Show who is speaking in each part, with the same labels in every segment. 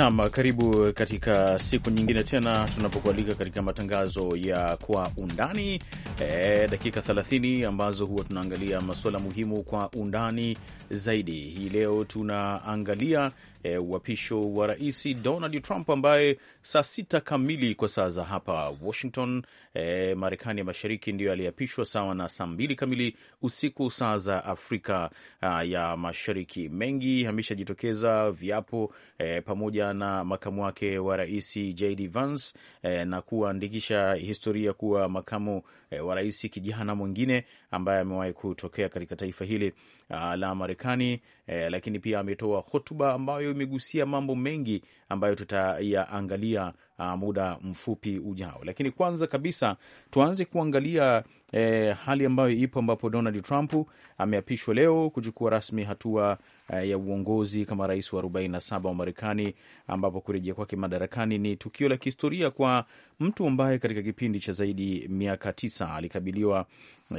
Speaker 1: Nam, karibu katika siku nyingine tena tunapokualika katika matangazo ya kwa undani e, dakika 30 ambazo huwa tunaangalia masuala muhimu kwa undani zaidi. Hii leo tunaangalia e, uapisho wa rais Donald Trump ambaye saa sita kamili kwa saa za hapa Washington e, Marekani ya mashariki ndiyo aliyeapishwa sawa na saa mbili kamili usiku saa za Afrika a, ya mashariki. Mengi ameshajitokeza viapo e, pamoja na makamu wake wa rais JD Vance e, na kuandikisha historia kuwa makamu e, wa rais kijana mwingine ambaye amewahi kutokea katika taifa hili uh, la Marekani eh, lakini pia ametoa hotuba ambayo imegusia mambo mengi ambayo tutayaangalia uh, muda mfupi ujao, lakini kwanza kabisa tuanze kuangalia eh, hali ambayo ipo ambapo Donald Trump ameapishwa leo kuchukua rasmi hatua eh, ya uongozi kama rais wa 47 wa Marekani, ambapo kurejea kwake madarakani ni tukio la kihistoria kwa mtu ambaye katika kipindi cha zaidi miaka tisa alikabiliwa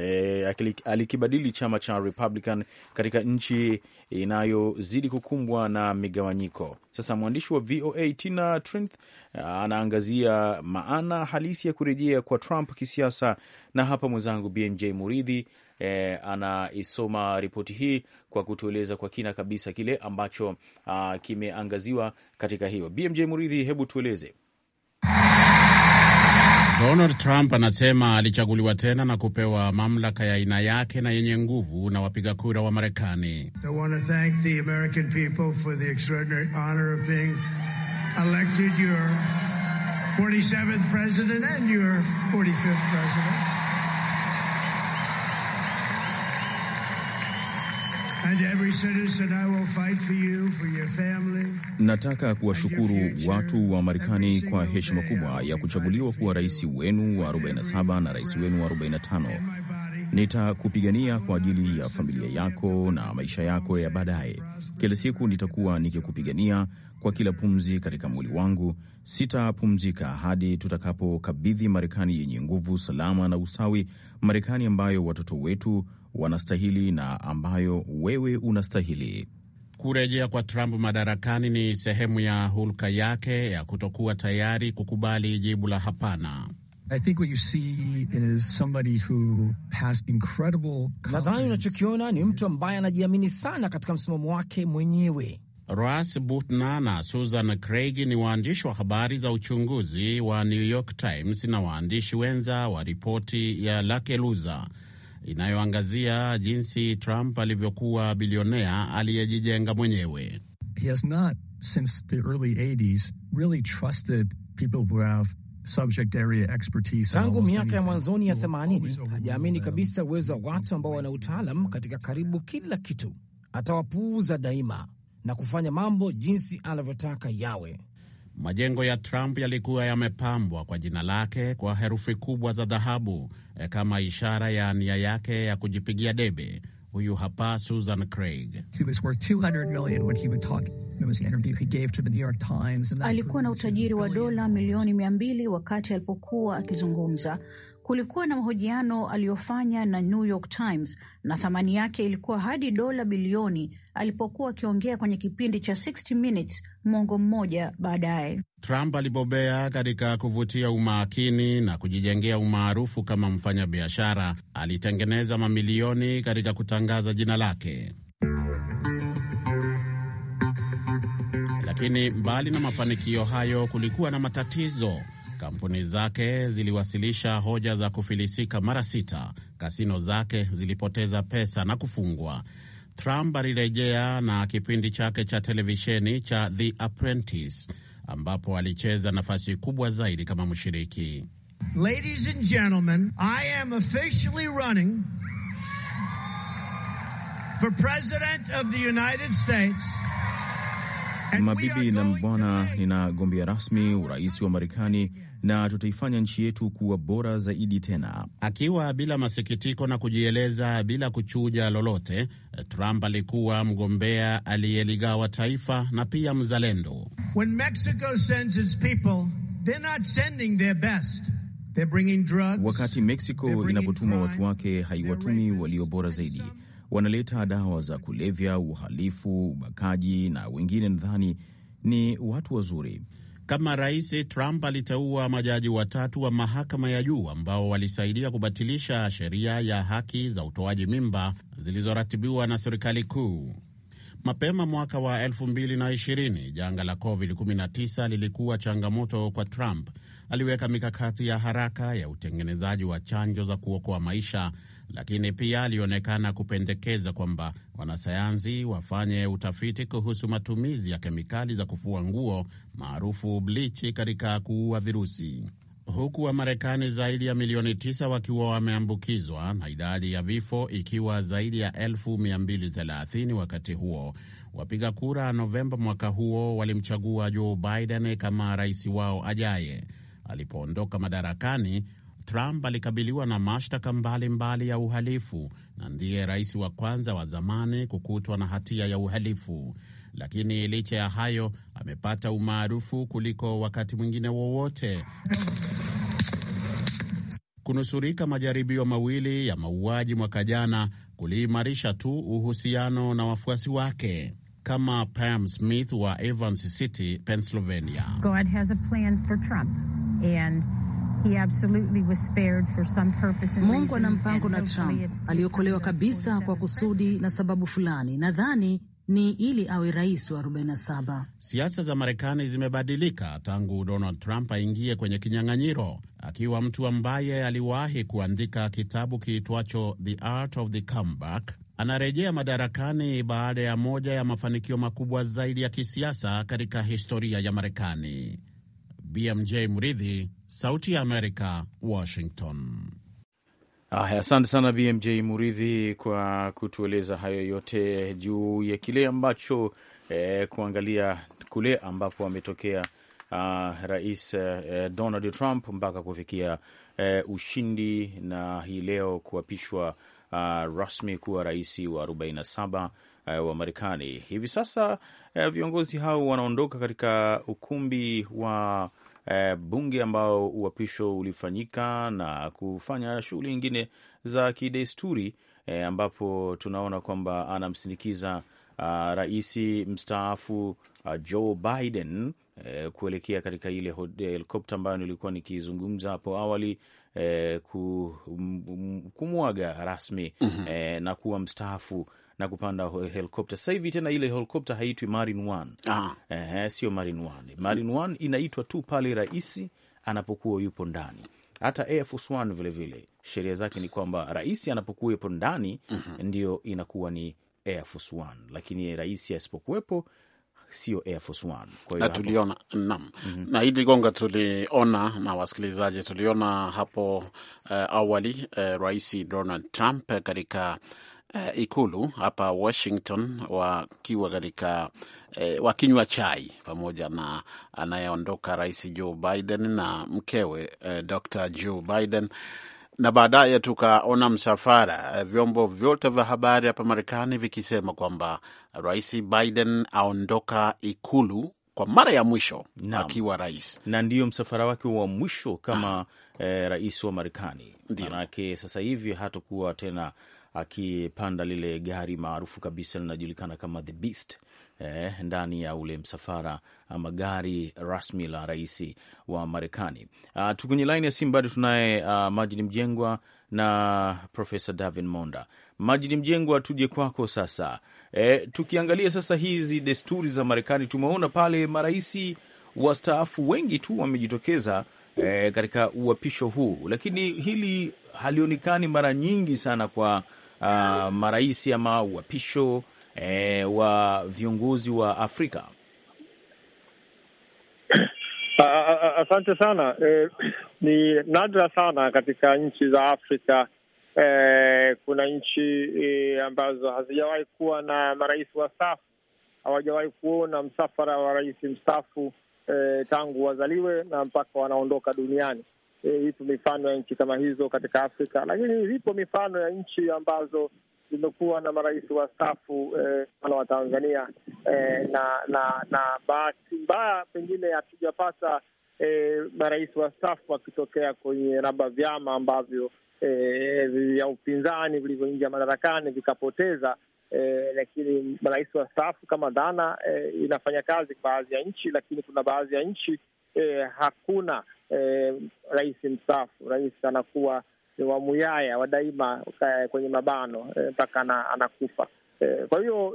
Speaker 1: e, alikibadili chama cha Republican katika nchi inayozidi kukumbwa na migawanyiko. Sasa mwandishi wa VOA Tina Trent eh, anaangazia maana halisi ya kurejea kwa Trump kisiasa, na hapa mwenzangu BMJ Muridhi e, anaisoma ripoti hii kwa kutueleza kwa kina kabisa kile ambacho ah, kimeangaziwa katika hiyo. BMJ Muridhi, hebu tueleze.
Speaker 2: Donald Trump anasema alichaguliwa tena na kupewa mamlaka ya aina yake na yenye nguvu na wapiga kura wa Marekani.
Speaker 3: Elected your 47th president and your 45th president.
Speaker 1: Nataka kuwashukuru watu wa Marekani kwa heshima kubwa ya kuchaguliwa kuwa rais wenu wa 47 na rais wenu wa 45. Nitakupigania kwa ajili ya familia yako na maisha yako ya baadaye. Kila siku nitakuwa nikikupigania kwa kila pumzi katika mwili wangu. Sitapumzika hadi tutakapokabidhi Marekani yenye nguvu, salama na usawi, Marekani ambayo watoto wetu wanastahili na ambayo wewe unastahili.
Speaker 2: Kurejea kwa Trump madarakani ni sehemu ya hulka yake ya kutokuwa tayari kukubali jibu la hapana.
Speaker 1: Nadhani unachokiona ni mtu ambaye anajiamini sana katika msimamo wake mwenyewe.
Speaker 2: Ras Butna na Susan Craig ni waandishi wa habari za uchunguzi wa New York Times na waandishi wenza wa ripoti ya Lakeluza inayoangazia jinsi Trump alivyokuwa bilionea aliyejijenga mwenyewe.
Speaker 4: He has not, since the early 80s, really trusted people who have subject area expertise. Tangu miaka ya mwanzoni ya
Speaker 1: 80 hajaamini kabisa uwezo wa watu ambao wana utaalam katika karibu kila kitu. Atawapuuza daima na kufanya mambo jinsi anavyotaka yawe.
Speaker 2: Majengo ya Trump yalikuwa yamepambwa kwa jina lake kwa herufi kubwa za dhahabu e, kama ishara ya nia yake ya kujipigia debe. Huyu hapa Susan Craig.
Speaker 5: Alikuwa na utajiri wa dola milioni mia mbili wakati alipokuwa akizungumza. Kulikuwa na mahojiano aliyofanya na New York Times na thamani yake ilikuwa hadi dola bilioni alipokuwa akiongea kwenye kipindi cha 60 Minutes mwongo mmoja baadaye.
Speaker 2: Trump alibobea katika kuvutia umakini na kujijengea umaarufu kama mfanyabiashara. Alitengeneza mamilioni katika kutangaza jina lake. Lakini mbali na mafanikio hayo, kulikuwa na matatizo. Kampuni zake ziliwasilisha hoja za kufilisika mara sita, kasino zake zilipoteza pesa na kufungwa. Trump alirejea na kipindi chake cha televisheni cha The Apprentice ambapo alicheza nafasi kubwa zaidi kama mshiriki.
Speaker 3: Ladies and gentlemen, I am officially running for president of the United States.
Speaker 1: Mabibi na mbwana, ninagombea rasmi urais wa Marekani
Speaker 2: na tutaifanya nchi yetu kuwa bora zaidi tena. Akiwa bila masikitiko na kujieleza bila kuchuja lolote, Trump alikuwa mgombea aliyeligawa taifa na pia mzalendo.
Speaker 3: When Mexico sends its people, they're not sending
Speaker 1: their best. They're bringing drugs, wakati Mexico inapotuma watu wake haiwatumi walio bora zaidi, wanaleta dawa za kulevya, uhalifu, ubakaji na
Speaker 2: wengine nadhani ni watu wazuri kama Rais Trump aliteua majaji watatu wa mahakama ya juu ambao walisaidia kubatilisha sheria ya haki za utoaji mimba zilizoratibiwa na serikali kuu. Mapema mwaka wa 2020 janga la COVID-19 lilikuwa changamoto kwa Trump aliweka mikakati ya haraka ya utengenezaji wa chanjo za kuokoa maisha, lakini pia alionekana kupendekeza kwamba wanasayansi wafanye utafiti kuhusu matumizi ya kemikali za kufua nguo maarufu blichi katika kuua virusi huku Wamarekani zaidi ya milioni tisa wakiwa wameambukizwa na idadi ya vifo ikiwa zaidi ya elfu 230 wakati huo. Wapiga kura Novemba mwaka huo walimchagua Joe Biden kama rais wao ajaye. Alipoondoka madarakani, Trump alikabiliwa na mashtaka mbalimbali ya uhalifu na ndiye rais wa kwanza wa zamani kukutwa na hatia ya uhalifu. Lakini licha ya hayo, amepata umaarufu kuliko wakati mwingine wowote kunusurika majaribio mawili ya mauaji mwaka jana kuliimarisha tu uhusiano na wafuasi wake kama Pam Smith wa Evans City, Pennsylvania.
Speaker 5: God has a plan for Trump and He absolutely was spared for some purpose and Mungu ana mpango na Trump. Aliokolewa kabisa kwa kusudi na sababu fulani, nadhani ni ili awe rais wa 47.
Speaker 2: Siasa za Marekani zimebadilika tangu Donald Trump aingie kwenye kinyang'anyiro, akiwa mtu ambaye aliwahi kuandika kitabu kiitwacho The Art of the Comeback. Anarejea madarakani baada ya moja ya mafanikio makubwa zaidi ya kisiasa katika historia ya Marekani. BMJ Mridhi, Sauti ya Amerika, Washington.
Speaker 1: Aya, asante sana BMJ Muridhi kwa kutueleza hayo yote juu ya kile ambacho eh, kuangalia kule ambapo ametokea Uh, Rais uh, Donald Trump mpaka kufikia uh, ushindi na hii leo kuapishwa uh, rasmi kuwa rais wa 47 uh, eh, wa Marekani. Hivi sasa uh, viongozi hao wanaondoka katika ukumbi wa Eh, bunge ambao uapisho ulifanyika na kufanya shughuli nyingine za kidesturi e, ambapo tunaona kwamba anamsindikiza uh, rais mstaafu uh, Joe Biden e, kuelekea katika ile helikopta ambayo nilikuwa nikizungumza hapo awali e, kumwaga rasmi mm -hmm. e, na kuwa mstaafu na kupanda helikopta. Sasa hivi tena ile helikopta haitwi Marine One. Ah. Ehe, sio Marine One. Marine One inaitwa tu pale rais anapokuwa yupo ndani. Hata Air Force One vilevile sheria zake ni kwamba rais anapokuwa yupo ndani mm -hmm. ndio inakuwa ni Air Force One, lakini rais asipokuwepo sio Air Force One. Kwa hiyo tuliona nam mm
Speaker 2: -hmm. na hili gonga tuliona na wasikilizaji, tuliona hapo uh, awali uh, Rais Donald Trump katika uh, uh, ikulu hapa Washington wakiwa katika uh, wakinywa chai pamoja na anayeondoka Rais Joe Biden na mkewe uh, eh, Dr. Joe Biden na baadaye tukaona msafara, vyombo vyote vya habari hapa Marekani vikisema kwamba Rais Biden aondoka ikulu kwa mara ya mwisho na akiwa rais, na ndiyo msafara wake wa mwisho
Speaker 1: kama ah. eh, rais wa Marekani. Manake sasa hivi hatakuwa tena akipanda lile gari maarufu kabisa linajulikana kama The Beast eh, ndani ya ule msafara ama gari rasmi la rais wa Marekani. Uh, ah, tu kwenye laini ya simu bado tunaye uh, ah, Majidi Mjengwa na Profesa Davin Monda. Majidi Mjengwa, tuje kwako sasa. E, tukiangalia sasa hizi desturi za Marekani, tumeona pale marais wastaafu wengi tu wamejitokeza e, katika uapisho huu, lakini hili halionekani mara nyingi sana kwa uh, marais ama uapisho eh, wa viongozi wa Afrika?
Speaker 6: Ah, ah, ah, asante sana. Eh, ni nadra sana katika nchi za Afrika. Eh, kuna nchi eh, ambazo hazijawahi kuwa na marais wastaafu, hawajawahi kuona msafara wa rais mstaafu eh, tangu wazaliwe na mpaka wanaondoka duniani e, ipo mifano ya nchi kama hizo katika Afrika, lakini ipo mifano ya nchi ambazo zimekuwa na marais wastaafu e, mfano e, wa Tanzania e, na na na bahati mbaya pengine hatujapata e, marais stafu wakitokea kwenye labda vyama ambavyo e, vya upinzani vilivyoingia madarakani vikapoteza E, lakini marais wa stafu kama dhana e, inafanya kazi baadhi ya nchi, lakini kuna baadhi ya nchi eh, hakuna eh, rais mstaafu. Rais anakuwa ni wamuyaya wa daima eh, kwenye mabano eh, mpaka eh, anakufa eh. Kwa hiyo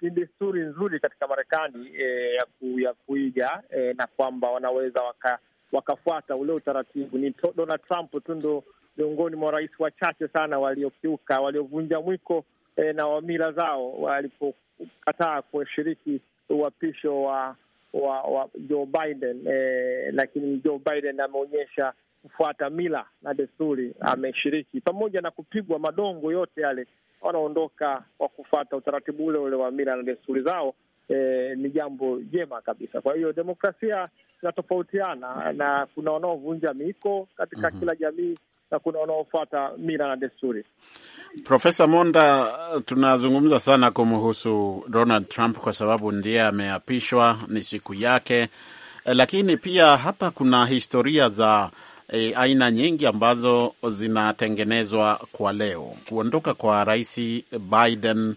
Speaker 6: ni desturi nzuri katika Marekani eh, ya, ku, ya kuiga eh, na kwamba wanaweza waka, wakafuata ule utaratibu. Ni Donald Trump tu ndo miongoni mwa rais wachache sana waliokiuka waliovunja mwiko eh, na wamila zao walipokataa kushiriki uhapisho wa wa, wa Joe Biden eh, lakini Joe Biden ameonyesha kufuata mila na desturi, ameshiriki pamoja na kupigwa madongo yote yale, wanaondoka kwa kufuata utaratibu ule ule wa mila na desturi zao. Eh, ni jambo jema kabisa. Kwa hiyo demokrasia inatofautiana na kuna wanaovunja miiko katika mm -hmm. kila jamii na kuna wanaofuata mila na desturi.
Speaker 2: Profesa Monda, tunazungumza sana kumhusu Donald Trump kwa sababu ndiye ameapishwa, ni siku yake, eh, lakini pia hapa kuna historia za E, aina nyingi ambazo zinatengenezwa kwa leo kuondoka kwa Rais Biden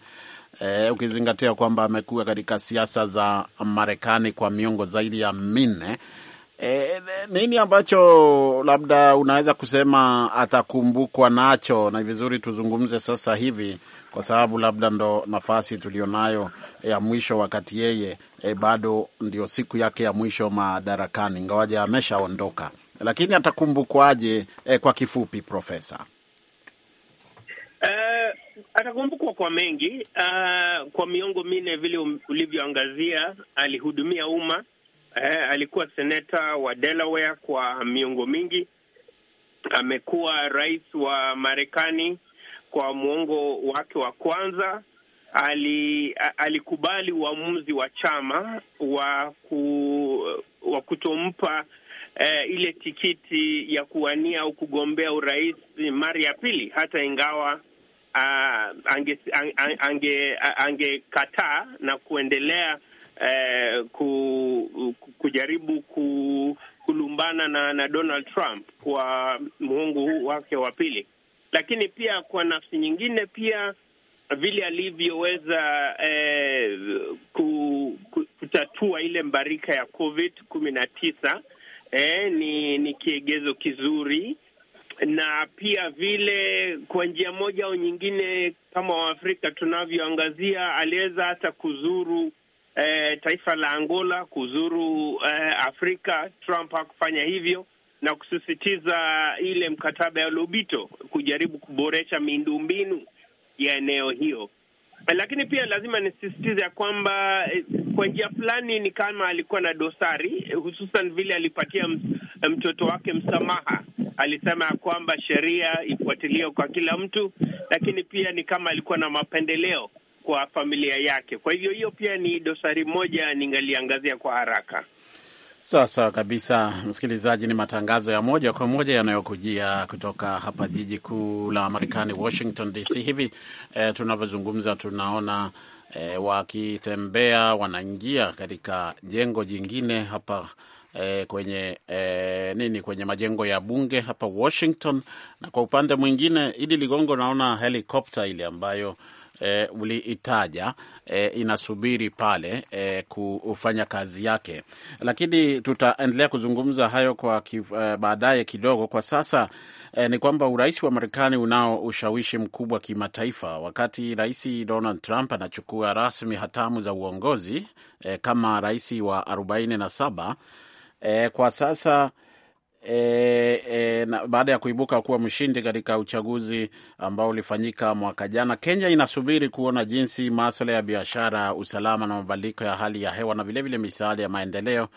Speaker 2: e, ukizingatia kwamba amekuwa katika siasa za Marekani kwa miongo zaidi ya minne E, nini ambacho labda unaweza kusema atakumbukwa nacho, na vizuri tuzungumze sasa hivi, kwa sababu labda ndo nafasi nayo ya mwisho, wakati yeye e, bado ndio siku yake ya mwisho madarakani, ingawaje ameshaondoka, lakini atakumbukwaje? E, kwa kifupi, Profesa.
Speaker 3: uh atakumbukwa kwa mengi. Uh, kwa miongo minne vile ulivyoangazia, alihudumia umma eh, alikuwa seneta wa Delaware kwa miongo mingi, amekuwa rais wa Marekani kwa mwongo wake wa kwanza. Ali, alikubali uamuzi wa chama wa ku, wa kutompa eh, ile tikiti ya kuwania au kugombea urais mara ya pili, hata ingawa ah, angekataa ange, ange, ange na kuendelea eh, ku, kujaribu ku, kulumbana na, na Donald Trump kwa muhungu huu wake wa pili, lakini pia kwa nafsi nyingine pia vile alivyoweza eh, kutatua ile mbarika ya COVID kumi na tisa eh, ni, ni kiegezo kizuri na pia vile kwa njia moja au nyingine, kama Waafrika tunavyoangazia, aliweza hata kuzuru eh, taifa la Angola kuzuru eh, Afrika. Trump hakufanya hivyo na kusisitiza ile mkataba ya Lobito kujaribu kuboresha miundombinu ya eneo hiyo, eh, lakini pia lazima nisisitize ya kwamba eh, kwa njia fulani ni kama alikuwa na dosari, eh, hususan vile alipatia mtoto wake msamaha. Alisema ya kwamba sheria ifuatiliwe kwa kila mtu, lakini pia ni kama alikuwa na mapendeleo kwa familia yake. Kwa hivyo hiyo pia ni dosari moja ningaliangazia kwa haraka.
Speaker 2: Sawa sawa kabisa, msikilizaji. Ni matangazo ya moja kwa moja yanayokujia kutoka hapa jiji kuu la Marekani, Washington DC. Hivi eh, tunavyozungumza tunaona eh, wakitembea wanaingia katika jengo jingine hapa E, kwenye e, nini kwenye majengo ya bunge hapa Washington, na kwa upande mwingine, Idi Ligongo, naona helikopta ile ambayo e, uliitaja e, inasubiri pale e, kufanya kazi yake, lakini tutaendelea kuzungumza hayo kwa e, baadaye kidogo. Kwa sasa e, ni kwamba urais wa Marekani unao ushawishi mkubwa kimataifa, wakati Rais Donald Trump anachukua rasmi hatamu za uongozi e, kama rais wa 47 e, kwa sasa e, e, na, baada ya kuibuka kuwa mshindi katika uchaguzi ambao ulifanyika mwaka jana, Kenya inasubiri kuona jinsi maswala ya biashara, usalama na mabadiliko ya hali ya hewa na vilevile misaada ya maendeleo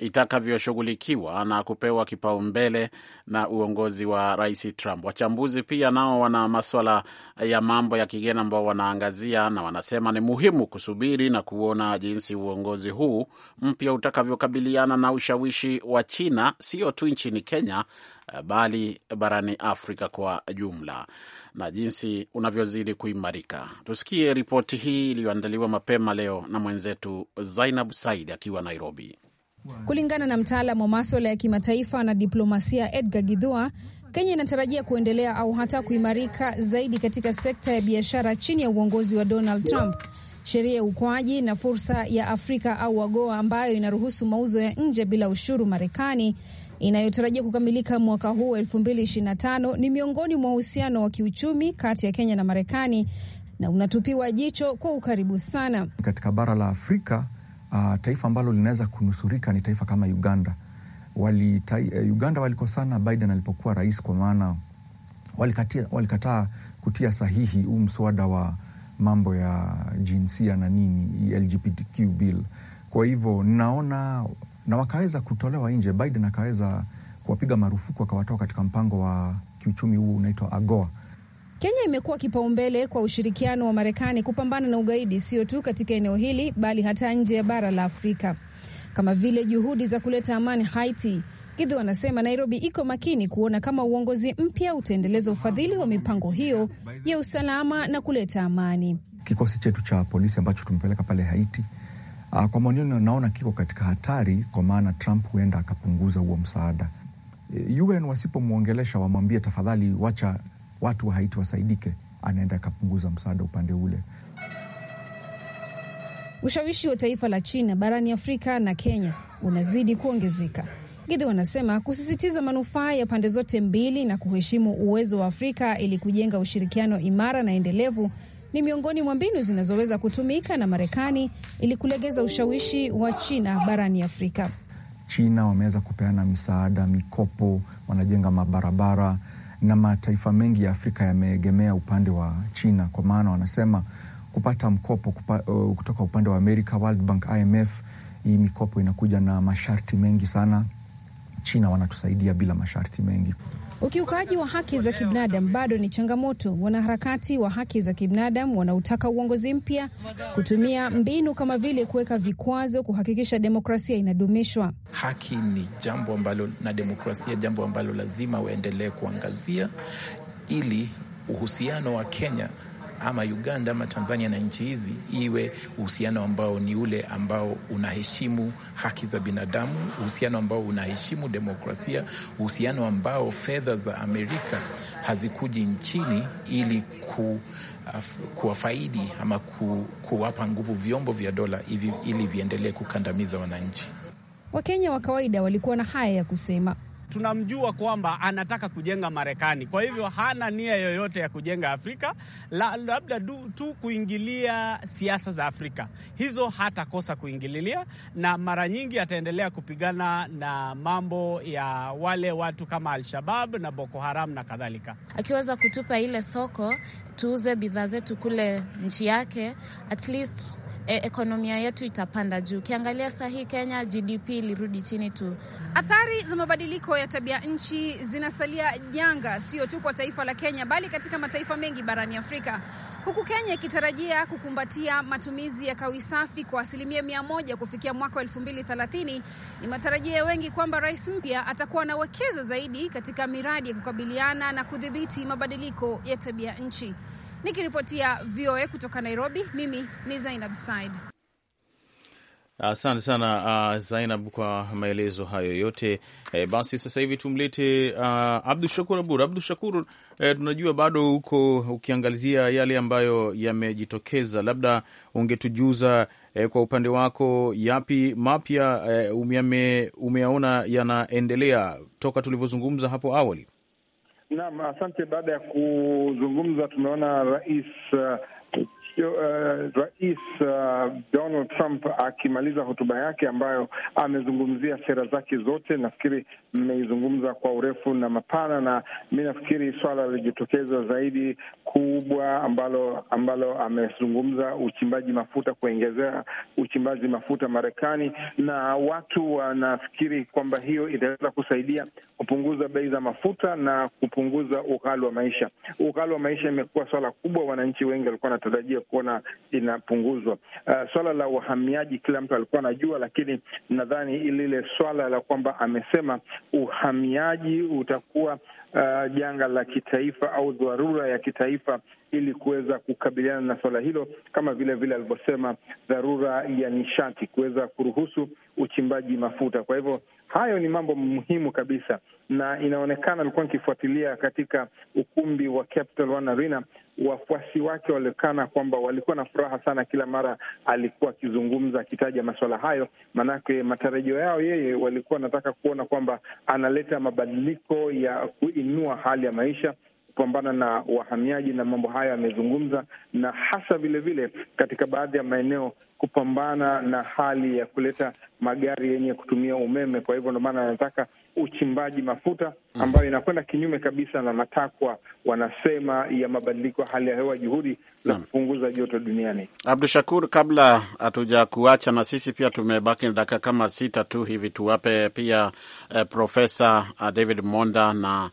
Speaker 2: itakavyoshughulikiwa na kupewa kipaumbele na uongozi wa Rais Trump. Wachambuzi pia nao wana maswala ya mambo ya kigeni ambao wanaangazia na wanasema ni muhimu kusubiri na kuona jinsi uongozi huu mpya utakavyokabiliana na ushawishi wa China, sio tu nchini Kenya bali barani Afrika kwa jumla na jinsi unavyozidi kuimarika. Tusikie ripoti hii iliyoandaliwa mapema leo na mwenzetu Zainab Said akiwa Nairobi.
Speaker 5: Kulingana na mtaalam wa maswala ya kimataifa na diplomasia Edgar gidhua Kenya inatarajia kuendelea au hata kuimarika zaidi katika sekta ya biashara chini ya uongozi wa Donald Trump. Sheria ya ukoaji na fursa ya Afrika au WAGOA ambayo inaruhusu mauzo ya nje bila ushuru Marekani inayotarajia kukamilika mwaka huu 2025 ni miongoni mwa uhusiano wa kiuchumi kati ya Kenya na Marekani na unatupiwa jicho kwa ukaribu sana
Speaker 7: katika bara la Afrika uh, taifa ambalo linaweza kunusurika ni taifa kama Uganda. Wali, ta, eh, Uganda walikosana Biden alipokuwa rais, kwa maana walikataa walikataa kutia sahihi huu mswada wa mambo ya jinsia na nini LGBTQ bill. Kwa hivyo naona na wakaweza kutolewa nje, Biden akaweza kuwapiga marufuku akawatoa katika mpango wa kiuchumi huu unaitwa AGOA
Speaker 5: Kenya imekuwa kipaumbele kwa ushirikiano wa Marekani kupambana na ugaidi, sio tu katika eneo hili, bali hata nje ya bara la Afrika, kama vile juhudi za kuleta amani Haiti. Gidhu wanasema Nairobi iko makini kuona kama uongozi mpya utaendeleza ufadhili wa mipango hiyo ya usalama na kuleta amani.
Speaker 7: Kikosi chetu cha polisi ambacho tumepeleka pale Haiti, ah, kwa maoni naona kiko katika hatari, kwa maana Trump huenda akapunguza huo msaada. Eh, UN wasipomwongelesha wamwambie, tafadhali wacha watu wa Haiti wasaidike, anaenda akapunguza msaada upande ule.
Speaker 5: Ushawishi wa taifa la China barani Afrika na Kenya unazidi kuongezeka. gidhi wanasema kusisitiza manufaa ya pande zote mbili na kuheshimu uwezo wa Afrika ili kujenga ushirikiano imara na endelevu ni miongoni mwa mbinu zinazoweza kutumika na Marekani ili kulegeza ushawishi wa China barani Afrika.
Speaker 7: China wameweza kupeana misaada, mikopo, wanajenga mabarabara na mataifa mengi ya Afrika yameegemea upande wa China, kwa maana wanasema kupata mkopo kupa, uh, kutoka upande wa Amerika, World Bank, IMF, hii mikopo inakuja na masharti mengi sana. China wanatusaidia bila masharti mengi.
Speaker 5: Ukiukaji wa haki za kibinadamu bado ni changamoto. Wanaharakati wa haki za kibinadamu wanautaka uongozi mpya kutumia mbinu kama vile kuweka vikwazo kuhakikisha demokrasia inadumishwa.
Speaker 2: Haki ni jambo ambalo na demokrasia jambo ambalo lazima waendelee kuangazia ili uhusiano wa Kenya ama Uganda ama Tanzania na nchi hizi iwe uhusiano ambao ni ule ambao unaheshimu haki za binadamu, uhusiano ambao unaheshimu demokrasia, uhusiano ambao fedha za Amerika hazikuji nchini ili ku uh, kuwafaidi ama ku, kuwapa nguvu vyombo vya dola ili viendelee kukandamiza wananchi.
Speaker 5: Wakenya wa kawaida walikuwa na haya ya kusema
Speaker 2: tunamjua kwamba anataka kujenga Marekani. Kwa hivyo hana nia yoyote ya kujenga Afrika, labda tu kuingilia siasa za Afrika. Hizo hatakosa kuingililia, na mara nyingi ataendelea kupigana na mambo ya wale watu kama Al-Shabab na Boko Haram na kadhalika, akiweza kutupa ile
Speaker 5: soko tuuze bidhaa zetu kule nchi yake at least e, ekonomia yetu itapanda juu. Ukiangalia saa hii Kenya GDP ilirudi chini tu. Athari za mabadiliko ya tabia nchi zinasalia janga, sio tu kwa taifa la Kenya bali katika mataifa mengi barani Afrika, huku Kenya ikitarajia kukumbatia matumizi ya kawi safi kwa asilimia mia moja kufikia mwaka wa elfu mbili thelathini. Ni matarajio ya wengi kwamba rais mpya atakuwa anawekeza zaidi katika miradi ya kukabiliana na kudhibiti mabadiliko ya tabia nchi. Nikiripotia VOA kutoka Nairobi, mimi ni Zainab Said.
Speaker 1: Asante sana uh, Zainab kwa maelezo hayo yote. E, basi sasa hivi tumlete uh, Abdu Shakur Abur. Abdu Shakur, e, tunajua bado huko ukiangazia yale ambayo yamejitokeza, labda ungetujuza e, kwa upande wako yapi mapya e, umeyaona yanaendelea toka tulivyozungumza hapo awali?
Speaker 4: Naam, asante. Baada ya kuzungumza, tumeona rais uh, uh, Rais uh, Donald Trump akimaliza hotuba yake ambayo amezungumzia sera zake zote, nafikiri mmeizungumza kwa urefu na mapana, na mi nafikiri swala lilijitokeza zaidi kubwa ambalo ambalo amezungumza uchimbaji mafuta, kuongezea uchimbaji mafuta Marekani, na watu wanafikiri kwamba hiyo itaweza kusaidia kupunguza bei za mafuta na kupunguza ughali wa maisha. Ughali wa maisha imekuwa swala kubwa, wananchi wengi walikuwa wanatarajia kuona inapunguzwa. Uh, swala la uhamiaji kila mtu alikuwa anajua, lakini nadhani lile swala la kwamba amesema uhamiaji utakuwa uh, janga la kitaifa au dharura ya kitaifa ili kuweza kukabiliana na swala hilo, kama vile vile alivyosema dharura ya nishati, kuweza kuruhusu uchimbaji mafuta. Kwa hivyo Hayo ni mambo muhimu kabisa, na inaonekana alikuwa nikifuatilia katika ukumbi wa Capital One Arena, wafuasi wake walionekana kwamba walikuwa na furaha sana kila mara alikuwa akizungumza, akitaja masuala hayo, maanake matarajio yao yeye walikuwa wanataka kuona kwamba analeta mabadiliko ya kuinua hali ya maisha kupambana na wahamiaji, na mambo haya yamezungumza, na hasa vilevile vile katika baadhi ya maeneo kupambana na hali ya kuleta magari yenye kutumia umeme. Kwa hivyo ndio maana anataka uchimbaji mafuta mm. ambayo inakwenda kinyume kabisa na matakwa wanasema ya mabadiliko ya hali ya hewa, juhudi za kupunguza joto duniani.
Speaker 2: Abdu Shakur, kabla hatuja kuacha na sisi pia tumebaki na dakika kama sita tu hivi, tuwape pia eh, Profesa eh, David Monda na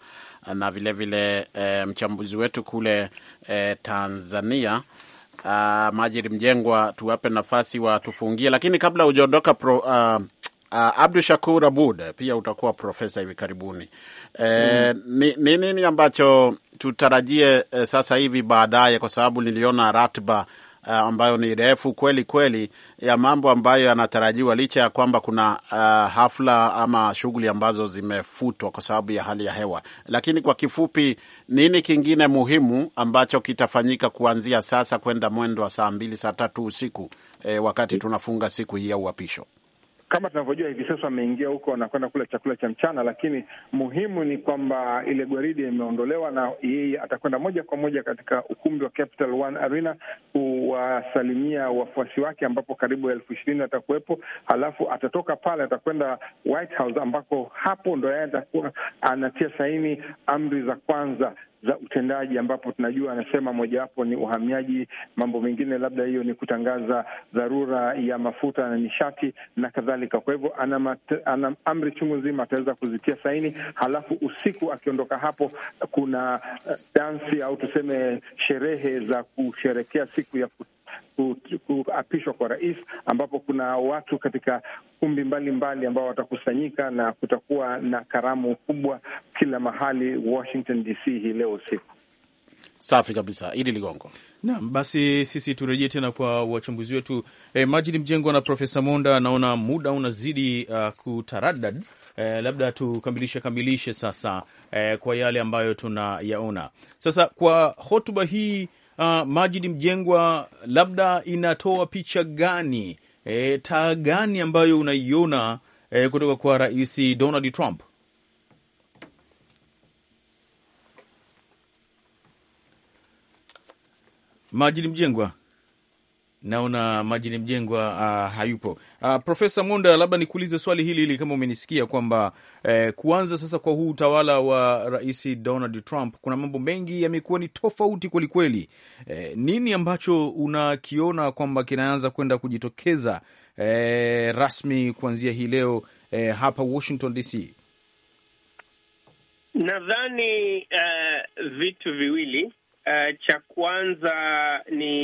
Speaker 2: na vilevile vile, e, mchambuzi wetu kule e, Tanzania a, ah, Majiri Mjengwa, tuwape nafasi watufungie, lakini kabla hujaondoka Uh, Abdu Shakur Abud pia utakuwa profesa hivi karibuni. E, mm. Ni nini ni, ni ambacho tutarajie eh, sasa hivi baadaye, kwa sababu niliona ratiba uh, ambayo ni refu kweli kweli ya mambo ambayo yanatarajiwa, licha ya kwamba kuna uh, hafla ama shughuli ambazo zimefutwa kwa sababu ya hali ya hewa. Lakini kwa kifupi, nini kingine muhimu ambacho kitafanyika kuanzia sasa kwenda mwendo wa saa mbili saa tatu usiku eh, wakati tunafunga siku hii ya uapisho?
Speaker 4: kama tunavyojua hivi sasa wameingia huko, wanakwenda kula chakula cha mchana, lakini muhimu ni kwamba ile gwaridi imeondolewa na yeye atakwenda moja kwa moja katika ukumbi wa Capital One Arena kuwasalimia wafuasi wake, ambapo karibu elfu ishirini atakuwepo. Halafu atatoka pale atakwenda White House, ambako hapo ndo yeye atakuwa anatia saini amri za kwanza za utendaji, ambapo tunajua anasema mojawapo ni uhamiaji, mambo mengine labda hiyo ni kutangaza dharura ya mafuta na nishati na kadhalika. Kwa hivyo ana, amri chungu nzima ataweza kuzitia saini, halafu usiku akiondoka hapo kuna eh, dansi au tuseme sherehe za kusherekea siku ya kuapishwa kwa rais, ambapo kuna watu katika kumbi mbalimbali ambao watakusanyika na kutakuwa na karamu kubwa kila mahali Washington DC hii leo usiku.
Speaker 2: Safi kabisa, Idi Ligongo.
Speaker 1: Naam, basi sisi turejee tena kwa wachambuzi wetu e, Majid Mjengwa na Profesa Monda. Naona muda unazidi uh, kutaradad e, eh, labda tukamilishe kamilishe sasa e, kwa yale ambayo tunayaona sasa kwa hotuba hii uh, Majid Mjengwa, labda inatoa picha gani e, taa gani ambayo unaiona e, kutoka kwa Rais Donald Trump? Majid Mjengwa naona Majini Mjengwa uh, hayupo. Uh, Profesa Monda, labda nikuulize swali hili hili kama umenisikia kwamba eh, kuanza sasa kwa huu utawala wa Rais Donald Trump kuna mambo mengi yamekuwa ni tofauti kwelikweli. Eh, nini ambacho unakiona kwamba kinaanza kwenda kujitokeza eh, rasmi kuanzia hii leo eh, hapa Washington DC?
Speaker 3: Nadhani uh, vitu viwili Uh, cha kwanza ni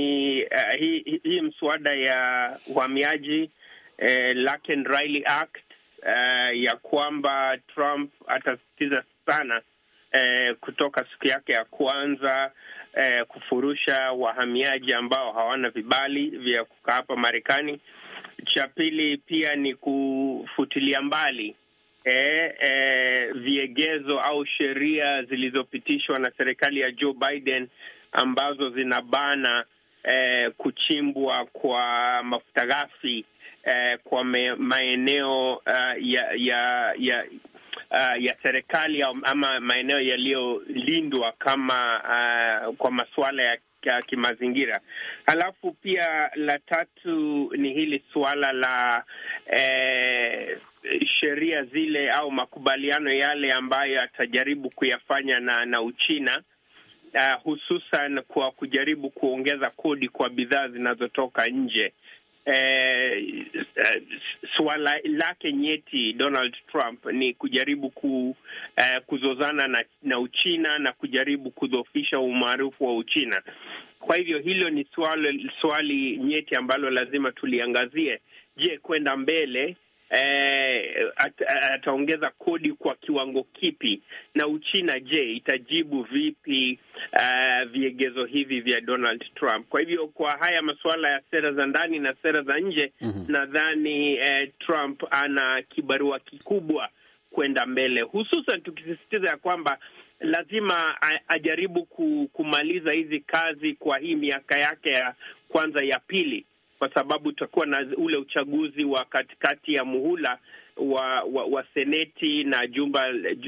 Speaker 3: uh, hii hi mswada ya uhamiaji eh, Riley Act uh, ya kwamba Trump atasisitiza sana eh, kutoka siku yake ya kwanza eh, kufurusha wahamiaji ambao hawana vibali vya kukaa hapa Marekani. Cha pili pia ni kufutilia mbali eh, eh, viegezo au sheria zilizopitishwa na serikali ya Joe Biden ambazo zinabana eh, kuchimbwa kwa mafuta ghafi eh, kwa me, maeneo uh, ya ya ya, uh, ya serikali ama maeneo yaliyolindwa kama uh, kwa masuala ya kimazingira. Halafu pia la tatu ni hili suala la eh, sheria zile au makubaliano yale ambayo atajaribu kuyafanya na na Uchina uh, hususan kwa kujaribu kuongeza kodi kwa bidhaa zinazotoka nje. Eh, eh suala lake nyeti Donald Trump ni kujaribu ku, eh, kuzozana na, na Uchina na kujaribu kudhoofisha umaarufu wa Uchina. Kwa hivyo hilo ni swali, swali nyeti ambalo lazima tuliangazie je, kwenda mbele eh, at, ataongeza kodi kwa kiwango kipi? Na Uchina je, itajibu vipi uh, viegezo hivi vya Donald Trump? Kwa hivyo kwa haya masuala ya sera za ndani na sera za nje mm -hmm. nadhani eh, Trump ana kibarua kikubwa kwenda mbele, hususan tukisisitiza ya kwamba lazima ajaribu kumaliza hizi kazi kwa hii miaka yake ya kwanza ya pili kwa sababu tutakuwa na ule uchaguzi wa katikati ya muhula wa, wa, wa seneti na jumba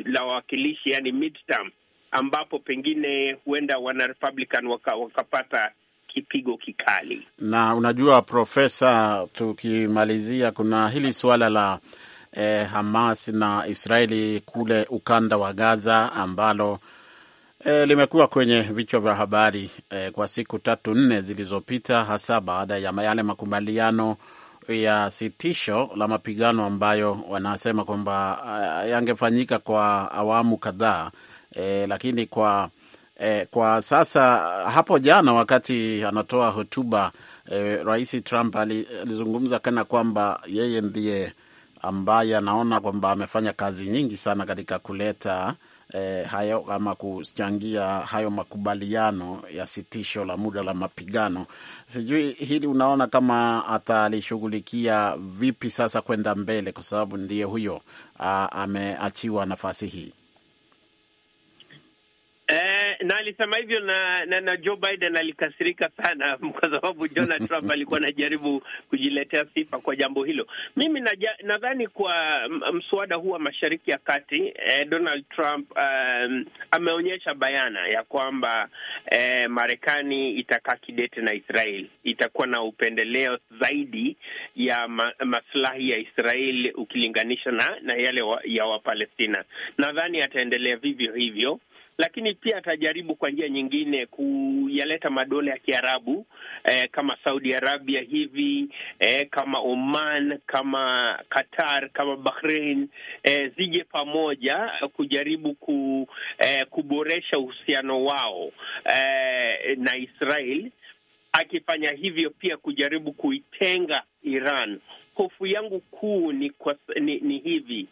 Speaker 3: la wawakilishi, yani midterm, ambapo pengine huenda wana Republican waka, wakapata kipigo kikali.
Speaker 2: Na unajua Profesa, tukimalizia kuna hili suala la eh, Hamas na Israeli kule ukanda wa Gaza ambalo E, limekuwa kwenye vichwa vya habari e, kwa siku tatu nne zilizopita, hasa baada ya yale makubaliano ya sitisho la mapigano ambayo wanasema kwamba eh, yangefanyika kwa awamu kadhaa e, lakini kwa e, kwa sasa hapo jana wakati anatoa hotuba e, Rais Trump alizungumza kana kwamba yeye ndiye ambaye anaona kwamba amefanya kazi nyingi sana katika kuleta eh, hayo ama kuchangia hayo makubaliano ya sitisho la muda la mapigano. Sijui hili unaona kama atalishughulikia vipi sasa kwenda mbele, kwa sababu ndiye huyo ah, ameachiwa nafasi hii
Speaker 3: na alisema hivyo na, na, na Joe Biden alikasirika sana kwa sababu Donald Trump alikuwa anajaribu kujiletea sifa kwa jambo hilo. Mimi nadhani kwa mswada huu wa Mashariki ya Kati eh, Donald Trump um, ameonyesha bayana ya kwamba eh, Marekani itakaa kidete na Israel, itakuwa na upendeleo zaidi ya ma, maslahi ya Israel ukilinganisha na, na yale wa, ya Wapalestina. Nadhani ataendelea vivyo hivyo lakini pia atajaribu kwa njia nyingine kuyaleta madola ya Kiarabu eh, kama Saudi Arabia hivi eh, kama Oman, kama Qatar, kama Bahrain eh, zije pamoja kujaribu ku, eh, kuboresha uhusiano wao eh, na Israel. Akifanya hivyo pia kujaribu kuitenga Iran. Hofu yangu kuu ni, ni, ni hivi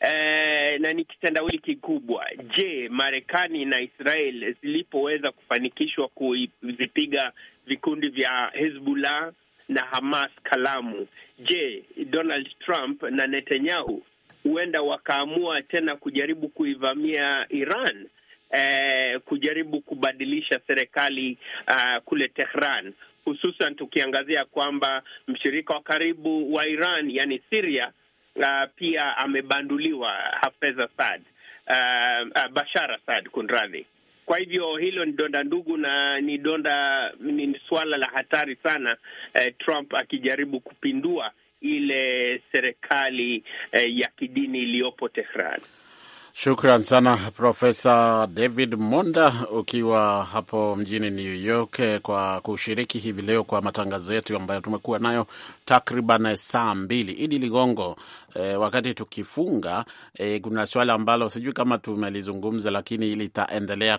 Speaker 3: eh, na ni kitendawili kikubwa. Je, Marekani na Israel zilipoweza kufanikishwa kuvipiga vikundi vya Hezbollah na Hamas kalamu, je, Donald Trump na Netanyahu huenda wakaamua tena kujaribu kuivamia Iran? Eh, kujaribu kubadilisha serikali uh, kule Tehran, hususan tukiangazia kwamba mshirika wa karibu wa Iran, yani Syria uh, pia amebanduliwa Hafez Assad, uh, uh, Bashar Assad kunradhi. Kwa hivyo hilo ni donda ndugu na ni donda ni suala la hatari sana, eh, Trump akijaribu kupindua ile serikali eh, ya kidini iliyopo Tehran.
Speaker 2: Shukran sana Profesa David Monda, ukiwa hapo mjini New York eh, kwa kushiriki hivi leo kwa matangazo yetu ambayo tumekuwa nayo takriban saa mbili. Idi Ligongo, eh, wakati tukifunga, eh, kuna suala ambalo sijui kama tumelizungumza, lakini litaendelea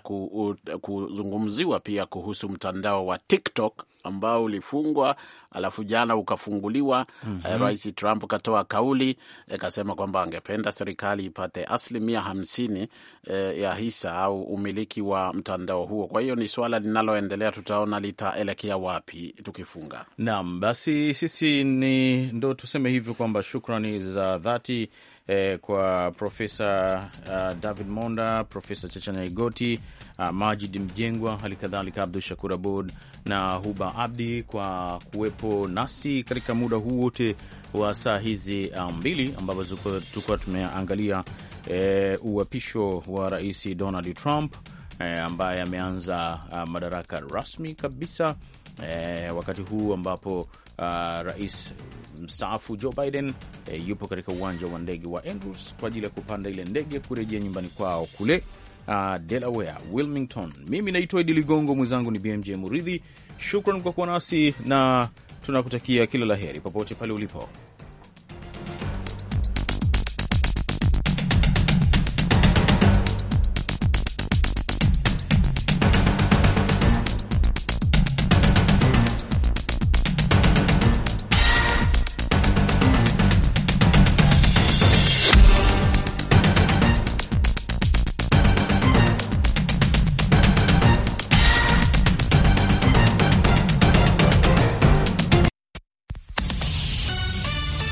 Speaker 2: kuzungumziwa pia kuhusu mtandao wa TikTok ambao ulifungwa alafu jana ukafunguliwa. mm -hmm. Rais Trump katoa kauli akasema eh, kwamba angependa serikali ipate asilimia hamsini eh, ya hisa au umiliki wa mtandao huo. Kwa hiyo ni suala linaloendelea, tutaona litaelekea wapi tukifunga.
Speaker 1: Naam, basi sisi ni ndo tuseme hivyo kwamba shukrani za dhati eh, kwa Profesa uh, David Monda, Profesa Chacha Nyaigoti, uh, eh, Majid Mjengwa, halikadhalika Abdu Shakur Abud na Huba Abdi kwa kuwepo nasi katika muda huu wote wa saa hizi eh, mbili ambapo tulikuwa tumeangalia eh, uapisho wa Rais Donald Trump eh, ambaye ameanza uh, madaraka rasmi kabisa eh, wakati huu ambapo uh, rais mstaafu Joe Biden eh, yupo katika uwanja wa ndege wa Andrews kwa ajili ya kupanda ile ndege kurejea nyumbani kwao kule Uh, Delaware, Wilmington. Mimi naitwa Idi Ligongo, mwenzangu ni BMJ Muridhi. Shukran kwa kuwa nasi na tunakutakia kila la heri popote pale ulipo.